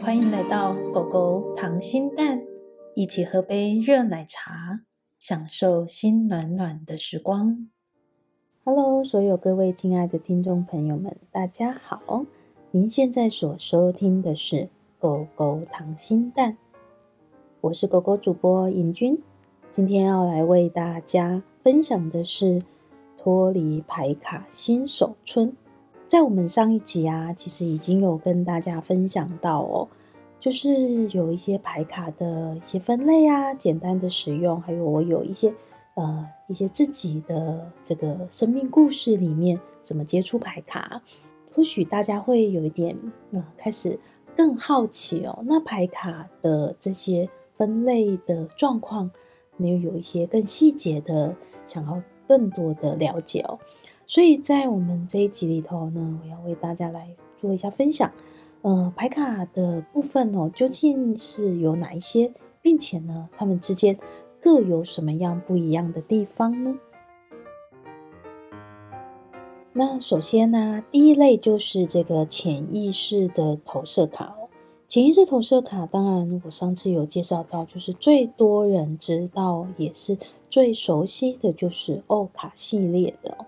歡迎來到狗狗糖心蛋，一起喝杯熱奶茶，享受心暖暖的時光。Hello，所有各位親愛的聽眾朋友們，大家好！您現在所收聽的是，狗狗糖心蛋，我是狗狗主播盈君，今天要來為大家分享的是脫離牌卡新手村。在我們上一集啊，其實已經有跟大家分享到哦，就是有一些牌卡的一些分類啊，簡單的使用，還有我有一些呃一些自己的這個生命故事裡面怎麼接觸牌卡，或許大家會有一點、呃、開始。更好奇哦，那牌卡的這些分類的狀況，你又有一些更細節的，想要更多的了解哦。所以在我們這一集裡頭呢，我要為大家來做一下分享。呃，牌卡的部分哦，究竟是有哪一些，並且呢，他們之間各有什麼樣不一樣的地方呢？那首先呢、啊，第一類就是這個潛意識的投射卡哦。潛意識投射卡，當然我上次有介紹到，就是最多人知道也是最熟悉的就是歐卡系列的、哦。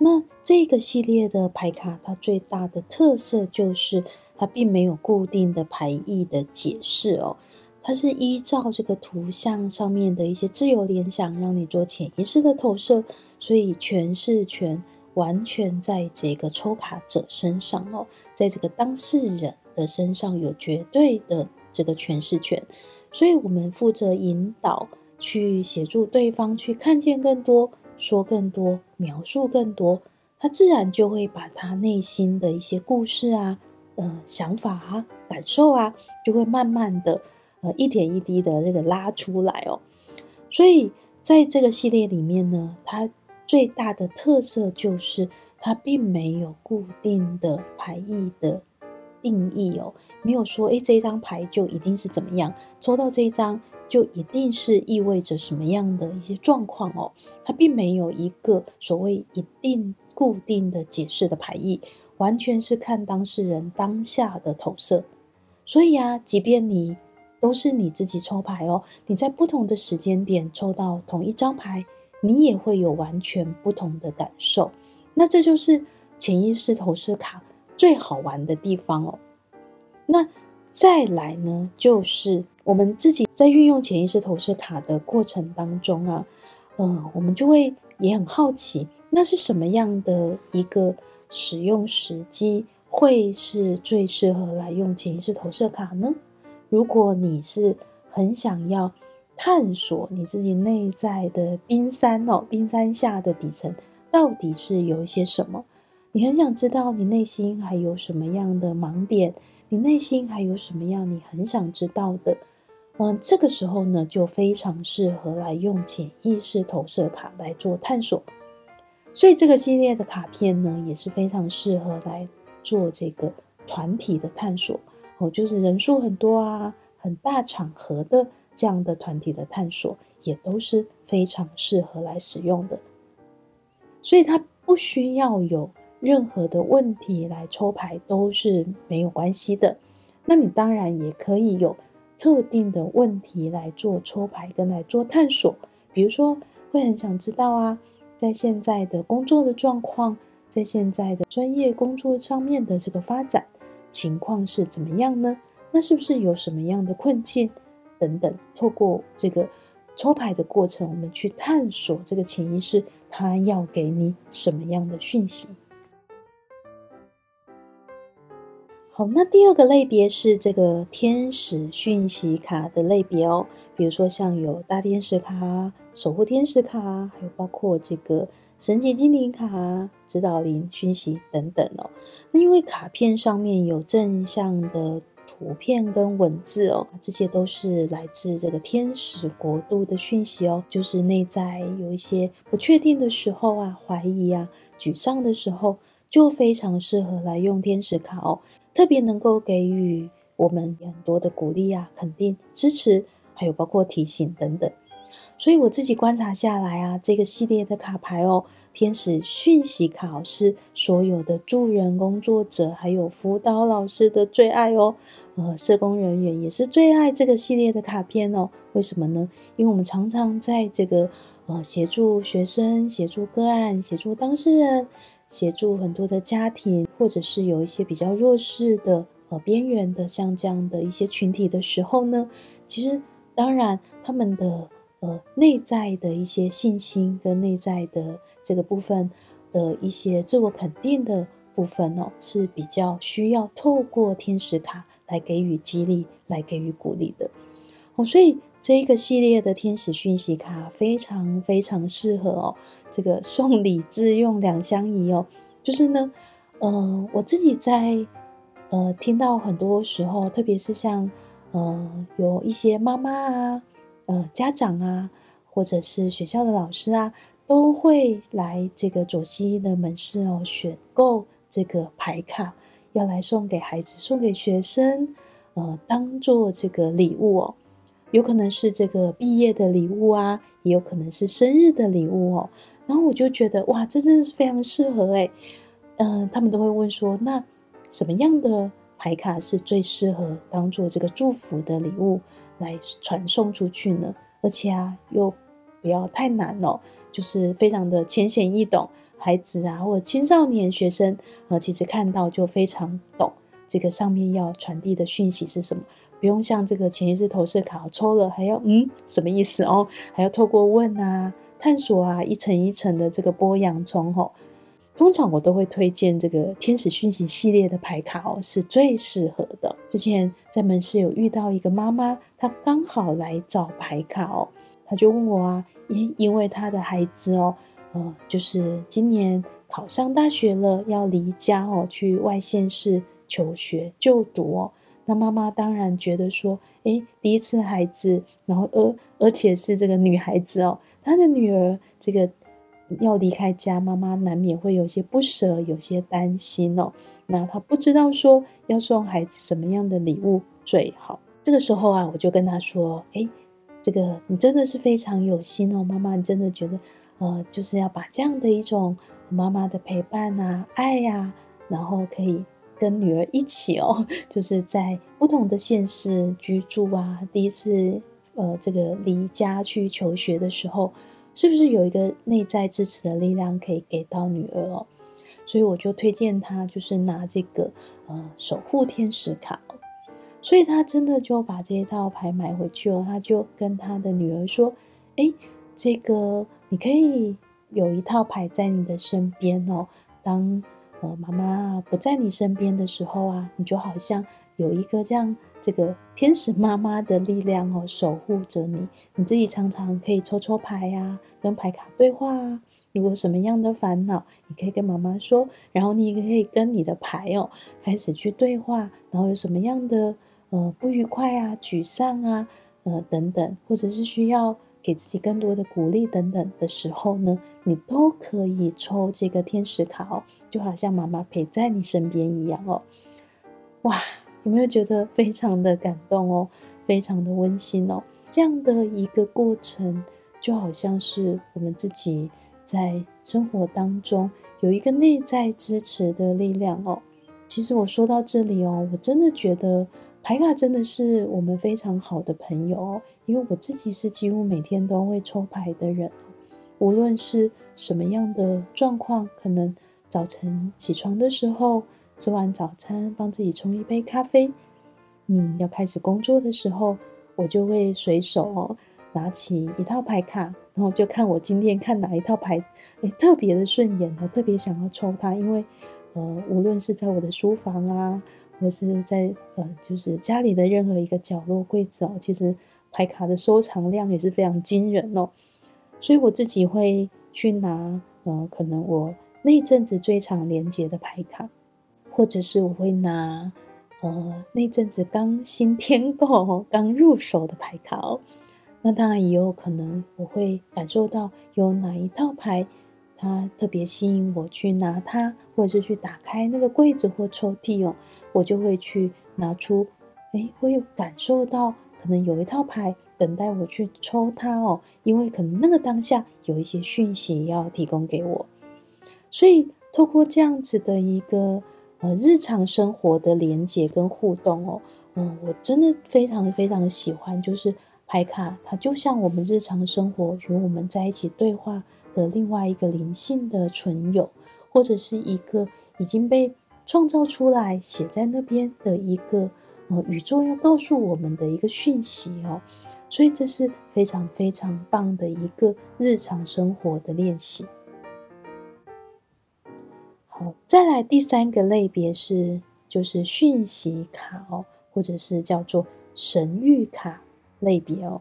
那這個系列的牌卡，它最大的特色就是它並沒有固定的牌意的解釋哦，它是依照這個圖像上面的一些自由聯想，讓你做潛意識的投射，所以全是全。完全在這個抽卡者身上哦，在這個當事人的身上有絕對的這個詮釋權，所以我們負責引導，去協助對方去看見更多，說更多，描述更多，他自然就會把他內心的一些故事啊、呃、想法啊、感受啊，就會慢慢的呃一點一滴的這個拉出來哦。所以在這個系列裡面呢，他。最大的特色就是它並沒有固定的牌意的定義哦，沒有說哎這張牌就一定是怎麼樣，抽到這一張就一定是意味着什麼樣的一些狀況哦，它並沒有一個所謂一定固定的解釋的牌意，完全是看當事人當下的投射。所以啊，即便你都是你自己抽牌哦，你在不同的時間點抽到同一張牌。你也會有完全不同的感受，那這就是潛意識投射卡最好玩的地方哦。那再來呢，就是我們自己在運用潛意識投射卡的過程當中啊，嗯、呃，我們就會也很好奇，那是什麼樣的一個使用時機會是最適合來用潛意識投射卡呢？如果你是很想要。探索你自己內在的冰山哦，冰山下的底層到底是有一些什麼？你很想知道你內心還有什麼樣的盲點？你內心還有什麼樣你很想知道的。嗯，這個時候呢，就非常適合來用潛意識投射卡來做探索。所以這個系列的卡片呢，也是非常適合來做這個團體的探索哦，就是人數很多啊，很大場合的。這樣的團體的探索也都是非常適合來使用的，所以它不需要有任何的問題來抽牌都是沒有關係的。那你當然也可以有特定的問題來做抽牌跟來做探索，比如說會很想知道啊，在現在的工作的狀況，在現在的專業工作上面的這個發展情況是怎麼樣呢？那是不是有什麼樣的困境？等等，透過這個抽牌的過程，我們去探索這個潛意識，它要給你什麼樣的訊息？好，那第二個類別是這個天使訊息卡的類別哦，比如說像有大天使卡、守護天使卡，還有包括這個神級精靈卡、指導靈訊息等等哦。那因為卡片上面有正向的。圖片跟文字哦，這些都是來自這個天使國度的訊息哦。就是內在有一些不確定的時候啊，懷疑啊，沮喪的時候，就非常適合來用天使卡哦。特別能夠給予我們很多的鼓勵啊、肯定、支持，還有包括提醒等等。所以我自己觀察下來啊，這個系列的卡牌哦，天使訊息卡是所有的助人工作者還有輔導老師的最愛哦。呃，社工人員也是最愛這個系列的卡片哦。為什麼呢？因為我們常常在這個呃協助學生、協助個案、協助當事人、協助很多的家庭，或者是有一些比較弱勢的呃邊緣的像這樣的一些群體的時候呢，其實當然他們的。呃，內在的一些信心跟內在的這個部分的、呃、一些自我肯定的部分哦，是比較需要透過天使卡來給予激勵、來給予鼓勵的哦。所以這一個系列的天使訊息卡非常非常適合哦，這個送禮自用兩相宜哦。就是呢，呃，我自己在呃聽到很多時候，特別是像呃有一些媽媽啊。呃，家長啊，或者是學校的老師啊，都會來這個左西的門市哦，選購這個牌卡，要來送給孩子，送給學生，呃，當做這個禮物哦。有可能是這個畢業的禮物啊，也有可能是生日的禮物哦。然後我就覺得哇，這真的是非常適合哎。呃，他們都會問說，那什麼樣的牌卡是最適合當做這個祝福的禮物？來傳送出去呢，而且啊，又不要太難哦，就是非常的淺顯易懂，孩子啊或者青少年學生、呃、其實看到就非常懂這個上面要傳遞的訊息是什麼，不用像這個潛意識投射卡抽了還要嗯什麼意思哦，還要透過問啊、探索啊一層一層的這個剝洋蔥吼、哦。通常我都會推薦這個天使訊息系列的牌卡哦，是最適合的。之前在門市有遇到一個媽媽，她剛好來找牌卡哦，她就問我啊，因因為她的孩子哦，呃，就是今年考上大學了，要離家哦，去外縣市求學就讀哦。那媽媽當然覺得說，誒，第一次孩子，然後而而且是這個女孩子哦，她的女兒這個。要離開家，媽媽難免會有些不捨，有些擔心哦。那她不知道說要送孩子什麼樣的禮物最好。這個時候啊，我就跟她說：“哎、欸，這個你真的是非常有心哦，媽媽，你真的覺得，呃，就是要把這樣的一種媽媽的陪伴啊、愛呀、啊，然後可以跟女兒一起哦，就是在不同的縣市居住啊，第一次呃，這個離家去求學的時候。”是不是有一個內在支持的力量可以給到女兒哦？所以我就推薦她，就是拿這個呃守護天使卡哦。所以她真的就把這一套牌買回去哦。她就跟她的女兒說：“哎，這個你可以有一套牌在你的身邊哦。當呃媽媽不在你身邊的時候啊，你就好像有一個這樣。”這個天使媽媽的力量哦，守護着你。你自己常常可以抽抽牌呀、啊，跟牌卡對話啊。如果什麼樣的煩惱，你可以跟媽媽說，然後你也可以跟你的牌哦開始去對話。然後有什麼樣的呃不愉快啊、沮喪啊、呃等等，或者是需要給自己更多的鼓勵等等的時候呢，你都可以抽這個天使卡哦，就好像媽媽陪在你身邊一樣哦。哇！有沒有覺得非常的感動哦？非常的溫馨哦？這樣的一個過程就好像是我們自己在生活當中有一個內在支持的力量哦。其實我說到這裡哦，我真的覺得牌卡真的是我們非常好的朋友哦。因為我自己是幾乎每天都會抽牌的人，無論是什麼樣的狀況，可能早晨起床的時候。吃完早餐，幫自己沖一杯咖啡。嗯，要開始工作的時候，我就會隨手拿起一套牌卡，然後就看我今天看哪一套牌，哎、欸、特別的順眼，我特別想要抽它。因為呃，無論是在我的書房啊，或是在呃就是家裡的任何一個角落櫃子哦，其實牌卡的收藏量也是非常驚人哦。所以我自己會去拿呃，可能我那陣子最常連結的牌卡。或者是我會拿，呃，那陣子剛新添購、剛入手的牌卡哦。那當然，也有可能我會感受到有哪一套牌，它特別吸引我去拿它，或者是去打開那個櫃子或抽屜哦，我就會去拿出，誒我有感受到可能有一套牌等待我去抽它哦，因為可能那個當下有一些訊息要提供給我，所以透過這樣子的一個。呃，日常生活的連接跟互動哦，嗯，我真的非常非常喜歡，就是牌卡，它就像我們日常生活與我們在一起對話的另外一個靈性的存有，或者是一個已經被創造出來寫在那邊的一個呃宇宙要告訴我們的一個訊息哦，所以這是非常非常棒的一個日常生活的練習。哦、再來第三個類別是，就是訊息卡哦，或者是叫做神諭卡類別哦。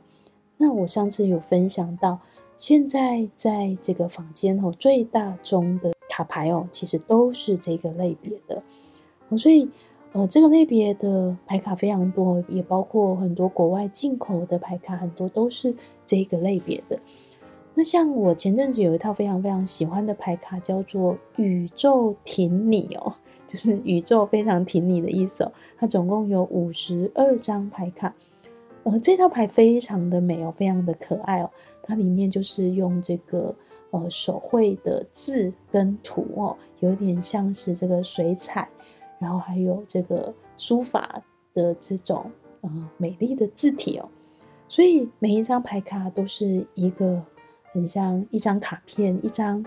那我上次有分享到，現在在這個坊間哦，最大宗的卡牌哦，其實都是這個類別的、哦。所以，呃，這個類別的牌卡非常多，也包括很多國外進口的牌卡，很多都是這個類別的。那像我前陣子有一套非常非常喜歡的牌卡，叫做《宇宙挺你》哦，就是宇宙非常挺你的意思哦。它總共有五十二張牌卡，呃，這套牌非常的美哦，非常的可愛哦。它裡面就是用這個呃手繪的字跟圖哦，有點像是這個水彩，然後還有這個書法的這種呃美麗的字體哦。所以每一張牌卡都是一個。很像一張卡片，一張、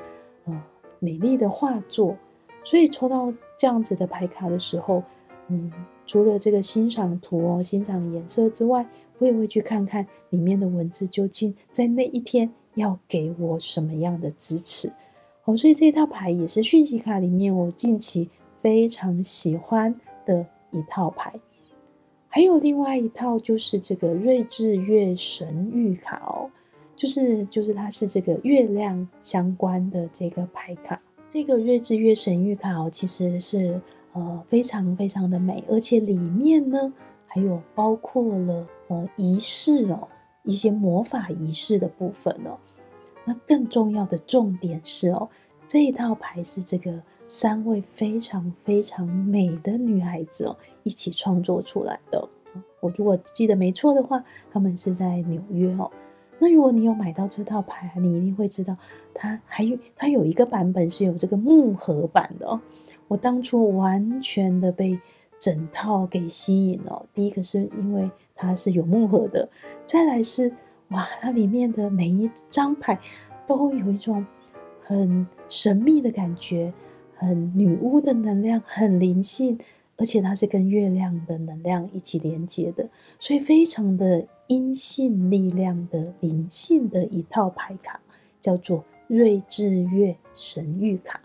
嗯、美麗的畫作，所以抽到這樣子的牌卡的時候，嗯，除了這個欣賞圖哦、欣賞顏色之外，我也會去看看裡面的文字究竟在那一天要給我什麼樣的支持。哦，所以這套牌也是訊息卡裡面我近期非常喜歡的一套牌。還有另外一套就是這個睿智月神諭卡哦。就是就是，它是這個月亮相關的這個牌卡。這個睿智月神諭卡哦，其實是呃非常非常的美，而且裡面呢還有包括了呃儀式哦，一些魔法儀式的部分哦。那更重要的重點是哦，這一套牌是這個三位非常非常美的女孩子哦一起創作出來的。我如果記得沒錯的話，她們是在紐約哦。那如果你有買到這套牌，你一定會知道，它還有它有一個版本是有這個木盒版的哦。我當初完全的被整套給吸引了，哦，第一個是因為它是有木盒的，再來是哇，它裡面的每一張牌都有一種很神秘的感覺，很女巫的能量，很靈性，而且它是跟月亮的能量一起連接的，所以非常的。陰性力量的靈性的一套牌卡，叫做《睿智月神諭卡》，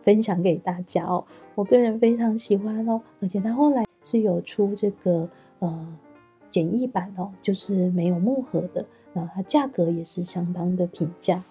分享給大家哦。我個人非常喜歡哦，而且它後來是有出這個呃簡易版哦，就是沒有木盒的，那它價格也是相當的平價。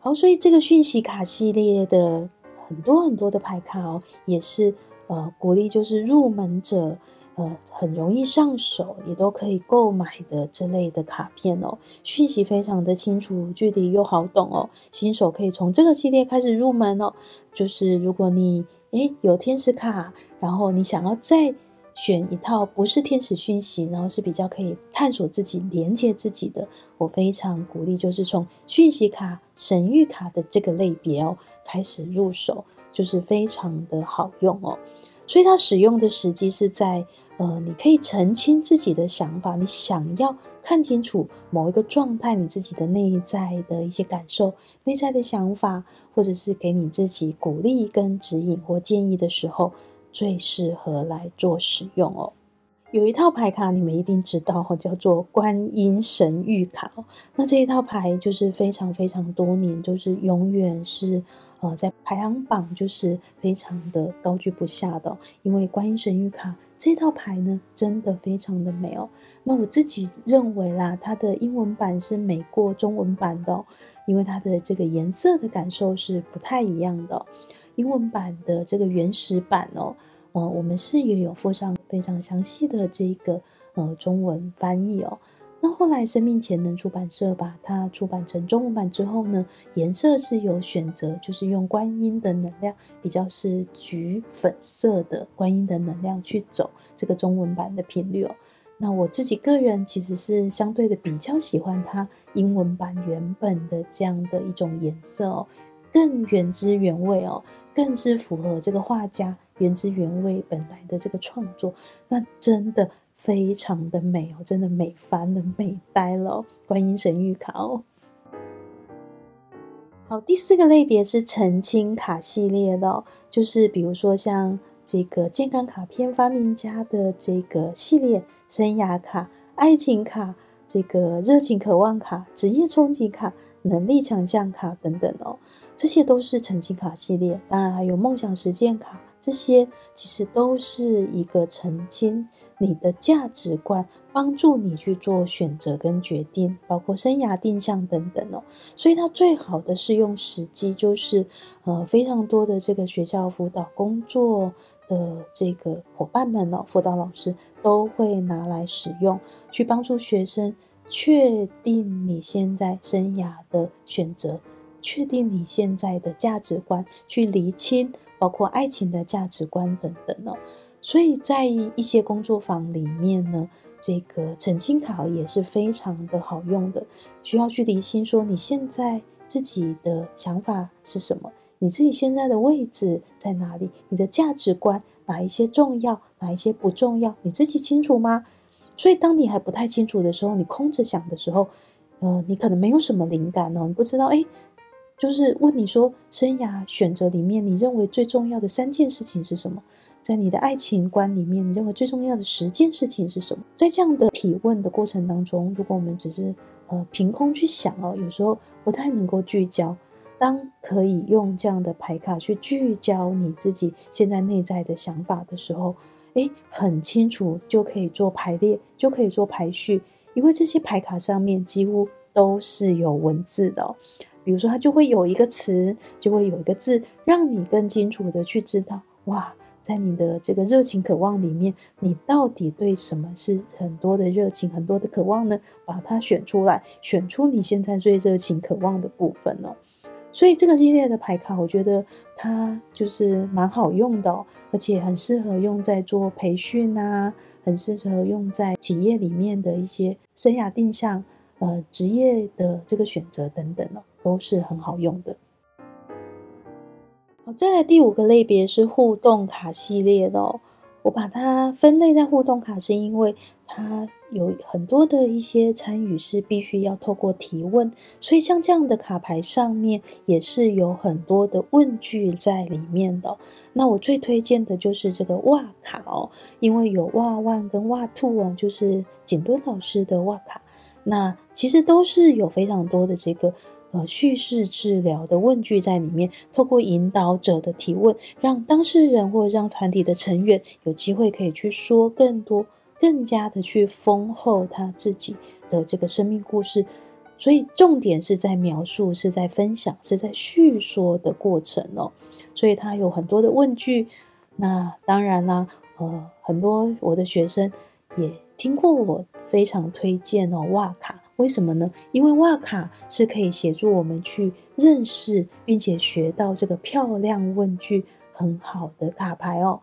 好，所以這個訊息卡系列的很多很多的牌卡哦，也是呃鼓勵就是入門者。呃，很容易上手，也都可以購買的這類的卡片哦。訊息非常的清楚，具體又好懂哦。新手可以從這個系列開始入門哦。就是如果你誒、欸、有天使卡，然後你想要再選一套不是天使訊息，然後是比較可以探索自己、連接自己的，我非常鼓勵，就是從訊息卡、神諭卡的這個類別哦開始入手，就是非常的好用哦。所以它使用的時機是在，呃，你可以澄清自己的想法，你想要看清楚某一個狀態，你自己的內在的一些感受、內在的想法，或者是給你自己鼓勵、跟指引或建議的時候，最適合來做使用哦。有一套牌卡，你們一定知道哦，叫做觀音神諭卡。那這一套牌就是非常非常多年，就是永遠是。呃，在排行榜就是非常的高居不下的哦，因為《觀音神諭卡》這套牌呢，真的非常的美哦。那我自己認為啦，它的英文版是美過中文版的哦，因為它的這個顏色的感受是不太一樣的哦。英文版的這個原始版哦，呃，我們是也有附上非常詳細的這個呃中文翻譯哦。那後來，生命潛能出版社把它出版成中文版之後呢，顏色是有選擇，就是用觀音的能量，比較是橘粉色的觀音的能量去走這個中文版的頻率哦。那我自己個人其實是相對的比較喜歡它英文版原本的這樣的一種顏色哦，更原汁原味哦，更是符合這個畫家原汁原味本來的這個創作。那真的。非常的美哦，真的美翻了，美呆了！觀音神諭卡哦。好，第四個類別是澄清卡系列的哦，就是比如說像這個健康卡片、發明家的這個系列、生涯卡、愛情卡、這個熱情渴望卡、職業憧憬卡、能力強項卡等等哦，這些都是澄清卡系列。當然還有夢想實踐卡。這些其實都是一個澄清你的價值觀，幫助你去做選擇跟決定，包括生涯定向等等哦。所以它最好的適用時機就是，呃，非常多的這個學校輔導工作的這個夥伴們哦，輔導老師都會拿來使用，去幫助學生確定你現在生涯的選擇，確定你現在的價值觀，去釐清。包括愛情的價值觀等等哦，所以在一些工作坊裡面呢，這個澄清卡也是非常的好用的。需要去理清，說你現在自己的想法是什麼，你自己現在的位置在哪裡，你的價值觀哪一些重要，哪一些不重要，你自己清楚嗎？所以當你還不太清楚的時候，你空着想的時候，呃，你可能沒有什麼靈感哦，你不知道誒。就是問你說，生涯選擇裡面你認為最重要的三件事情是什麼？在你的愛情觀裡面，你認為最重要的十件事情是什麼？在這樣的提問的過程當中，如果我們只是呃憑空去想哦，有時候不太能夠聚焦。當可以用這樣的牌卡去聚焦你自己現在內在的想法的時候，誒，很清楚就可以做排列，就可以做排序，因為這些牌卡上面幾乎都是有文字的哦。比如說，它就會有一個詞，就會有一個字，讓你更清楚的去知道，哇，在你的這個熱情渴望裡面，你到底對什麼是很多的熱情，很多的渴望呢？把它選出來，選出你現在最熱情渴望的部分哦。所以這個系列的牌卡，我覺得它就是蠻好用的哦，而且很適合用在做培訓啊，很適合用在企業裡面的一些生涯定向，呃，職業的這個選擇等等哦。都是很好用的。好，再來第五個類別是互動卡系列嘍、哦。我把它分類在互動卡，是因為它有很多的一些參與是必須要透過提問，所以像這樣的卡牌上面也是有很多的問句在裡面的、哦。那我最推薦的就是這個哇卡哦，因為有哇1跟哇2哦，就是錦敦老師的哇卡，那其實都是有非常多的這個。呃，敘事治療的問句在裡面，透過引導者的提問，讓當事人或者讓團體的成員有機會可以去說更多、更加的去豐厚他自己的這個生命故事。所以重點是在描述、是在分享、是在敘說的過程哦。所以他有很多的問句。那當然啦，呃，很多我的學生也聽過，我非常推薦哦，哇卡。為什麼呢？因為哇卡是可以協助我們去認識並且學到這個漂亮問句很好的卡牌哦。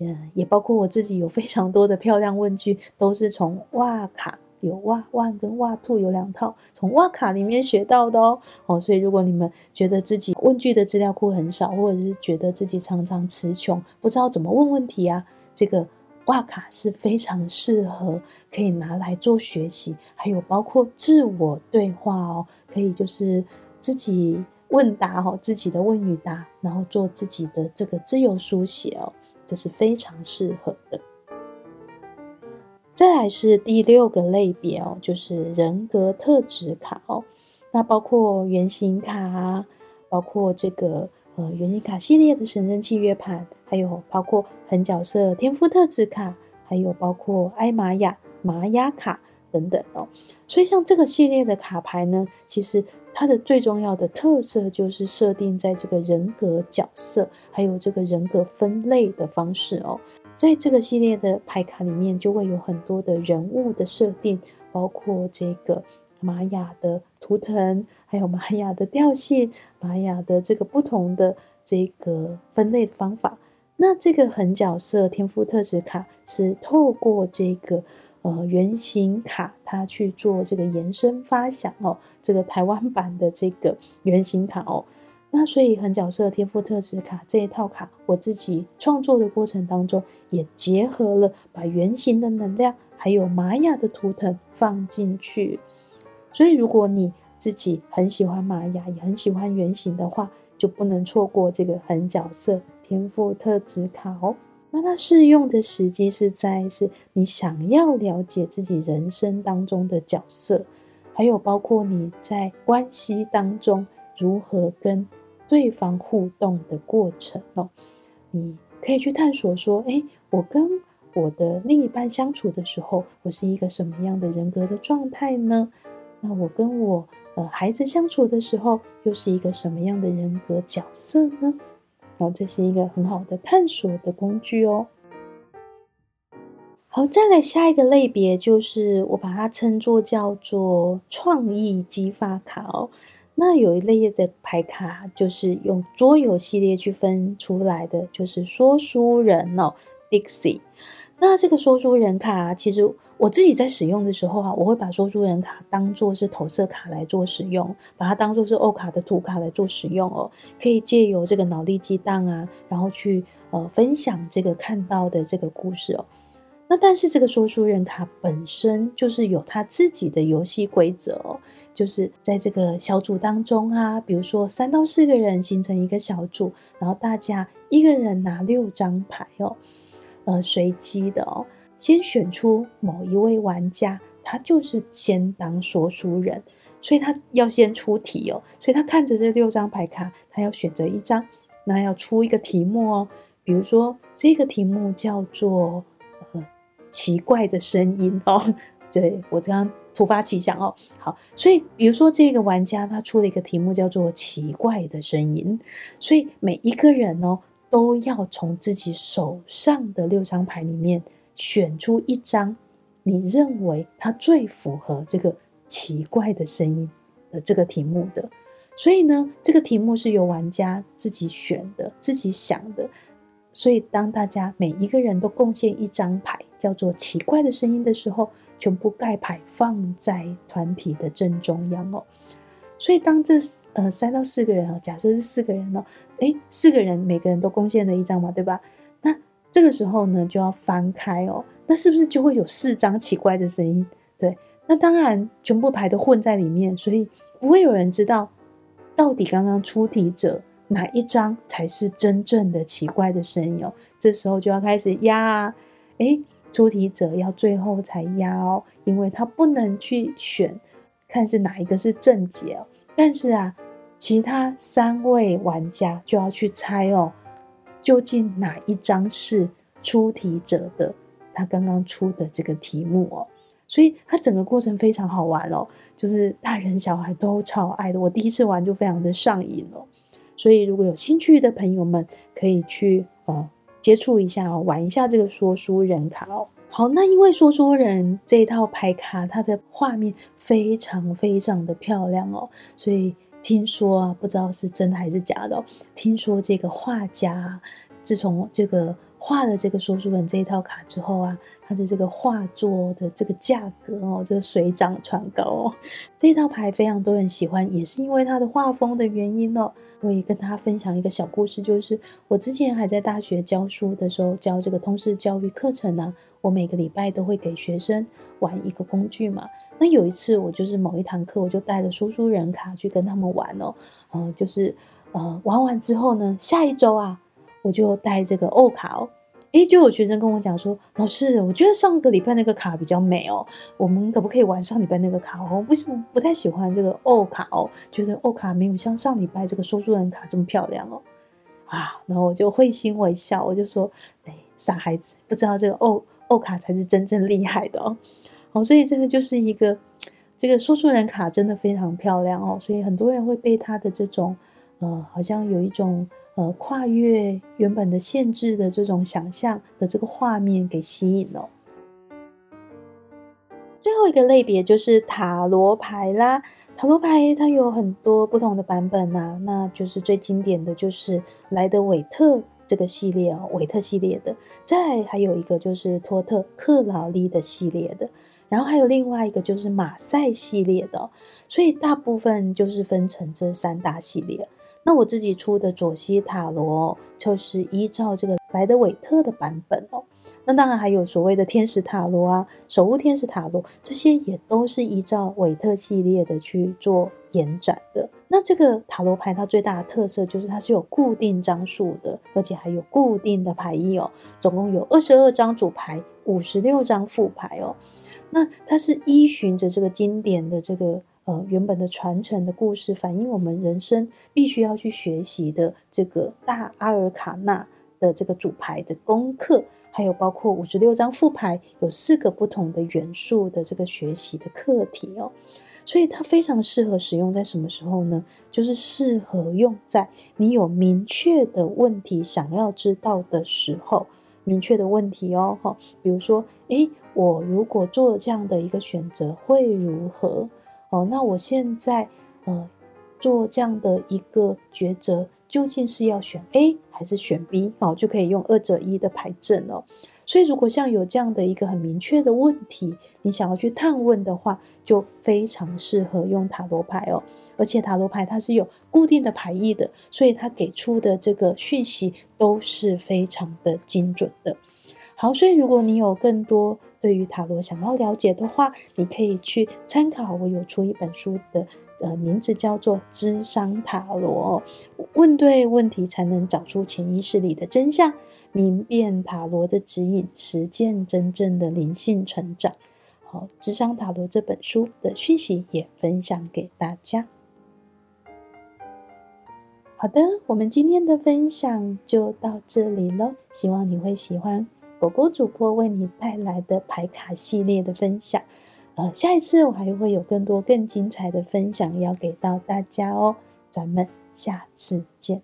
嗯，也包括我自己有非常多的漂亮問句，都是從哇卡，有哇 one 跟哇 two 有兩套，從哇卡裡面學到的哦。哦，所以如果你們覺得自己問句的資料庫很少，或者是覺得自己常常詞窮，不知道怎麼問問題啊，這個。哇卡是非常適合，可以拿來做學習，還有包括自我對話哦，可以就是自己問答哦，自己的問與答，然後做自己的這個自由書寫哦，這是非常適合的。再來是第六個類別哦，就是人格特質卡哦，那包括原型卡，包括這個呃原型卡系列的神聖契約盤。還有包括很角色天賦特質卡，還有包括艾瑪雅瑪雅卡等等哦。所以像這個系列的卡牌呢，其實它的最重要的特色就是設定在這個人格角色，還有這個人格分類的方式哦。在這個系列的牌卡裡面，就會有很多的人物的設定，包括這個瑪雅的圖騰，還有瑪雅的調性，瑪雅的這個不同的這個分類的方法。那這個橫角色天賦特質卡是透過這個呃原型卡，它去做這個延伸發想哦，這個台灣版的這個原型卡哦。那所以橫角色天賦特質卡這一套卡，我自己創作的過程當中也結合了把原型的能量還有瑪雅的圖騰放進去。所以如果你自己很喜歡瑪雅也很喜歡原型的話，就不能錯過這個橫角色。天賦特質卡哦，那它適用的時機是在，是你想要了解自己人生當中的角色，還有包括你在關係當中如何跟對方互動的過程哦。你可以去探索說，哎，我跟我的另一半相處的時候，我是一個什麼樣的人格的狀態呢？那我跟我呃孩子相處的時候，又是一個什麼樣的人格角色呢？然後這是一個很好的探索的工具哦。好，再來下一個類別，就是我把它稱作叫做創意激發卡哦。那有一類的牌卡，就是用桌遊系列去分出來的，就是說書人哦，Dixie。那這個說書人卡，其實，我自己在使用的時候啊，我會把說書人卡當做是投射卡來做使用，把它當做是歐卡的圖卡來做使用哦。可以借由這個腦力激盪啊，然後去呃分享這個看到的這個故事哦。那但是這個說書人卡本身就是有他自己的遊戲規則哦，就是在這個小組當中啊，比如說三到四個人形成一個小組，然後大家一個人拿六張牌哦，呃，隨機的哦。先選出某一位玩家，他就是先當說書人，所以他要先出題哦。所以他看着這六張牌卡，他要選擇一張，那要出一個題目哦。比如說，這個題目叫做“呃，奇怪的聲音”哦。對，我剛剛突發奇想哦。好，所以比如說這個玩家他出了一個題目叫做“奇怪的聲音”，所以每一個人哦，都要從自己手上的六張牌裡面。選出一張你認為它最符合這個奇怪的聲音的這個題目的，所以呢，這個題目是由玩家自己選的、自己想的。所以當大家每一個人都貢獻一張牌，叫做“奇怪的聲音”的時候，全部蓋牌放在團體的正中央哦。所以當這呃三到四個人啊、哦，假設是四個人哦，哎，四個人每個人都貢獻了一張嘛，對吧？這個時候呢，就要翻開哦。那是不是就會有四張奇怪的聲音？對，那當然全部牌都混在裡面，所以不會有人知道到底剛剛出題者哪一張才是真正的奇怪的聲音。哦，這時候就要開始壓啊！誒，出題者要最後才壓哦，因為他不能去選看是哪一個是正解哦。但是啊，其他三位玩家就要去猜哦。究竟哪一張是出題者的，他剛剛出的這個題目哦？所以它整個過程非常好玩哦，就是大人小孩都超愛的。我第一次玩就非常的上癮哦，所以如果有興趣的朋友們可以去呃、嗯、接觸一下哦，玩一下這個說書人卡哦。好，那因為說書人這一套牌卡，它的畫面非常非常的漂亮哦，所以。聽說啊，不知道是真的還是假的、哦。聽說這個畫家，自從這個畫了這個說書人這一套卡之後啊，他的這個畫作的這個價格哦，就、這個、水漲船高、哦。這一套牌非常多人喜歡，也是因為他的畫風的原因哦。我也跟他分享一個小故事，就是我之前還在大學教書的時候，教這個通識教育課程呢、啊。我每個禮拜都會給學生玩一個工具嘛。那有一次，我就是某一堂課，我就帶着叔叔人卡去跟他們玩哦。嗯、呃、就是呃，玩完之後呢，下一周啊，我就帶這個 OH 卡哦。誒，就有學生跟我講說，老師，我覺得上個禮拜那個卡比較美哦，我們可不可以玩上禮拜那個卡哦？我不喜不太喜歡這個歐卡哦，就是歐卡沒有像上禮拜這個說書人卡這麼漂亮哦。啊，然後我就會心一笑，我就說，哎，傻孩子，不知道這個歐、歐卡才是真正厲害的哦。哦，所以這個就是一個，這個說書人卡真的非常漂亮哦，所以很多人會被他的這種、呃，好像有一種。呃，跨越原本的限制的這種想象的這個畫面給吸引了哦。最後一個類別就是塔羅牌啦，塔羅牌它有很多不同的版本啊，那就是最經典的就是萊德韋特這個系列哦，韋特系列的；再還有一個就是托特克勞利的系列的，然後還有另外一個就是馬賽系列的哦，所以大部分就是分成這三大系列。那我自己出的左西塔羅就是依照這個萊德韋特的版本哦。那當然還有所謂的天使塔羅啊、守護天使塔羅，這些也都是依照韋特系列的去做延展的。那這個塔羅牌它最大的特色就是它是有固定張數的，而且還有固定的牌意哦。總共有二十二張主牌，五十六張副牌哦。那它是依循着這個經典的這個。呃，原本的傳承的故事反映我們人生必須要去學習的這個大阿爾卡納的這個主牌的功課，還有包括五十六張副牌，有四個不同的元素的這個學習的課題哦。所以它非常適合使用在什麼時候呢？就是適合用在你有明確的問題想要知道的時候，明確的問題哦。哈，比如說，誒，我如果做這樣的一個選擇會如何？哦，那我現在呃做這樣的一個抉擇，究竟是要選 A 還是選 B？哦，就可以用二者一的牌陣哦。所以，如果像有這樣的一個很明確的問題，你想要去探問的話，就非常適合用塔羅牌哦。而且，塔羅牌它是有固定的牌義的，所以它給出的這個訊息都是非常的精準的。好，所以如果你有更多，對於塔羅想要了解的話，你可以去參考我有出一本書的，呃，名字叫做《諮商塔羅》，問對問題才能找出潛意識裡的真相，明辨塔羅的指引，實踐真正的靈性成長。好，《諮商塔羅》這本書的訊息也分享給大家。好的，我們今天的分享就到這裡嘍，希望你會喜歡。狗狗主播為你帶來的牌卡系列的分享，呃，下一次我還會有更多更精彩的分享要給到大家哦，咱們下次見。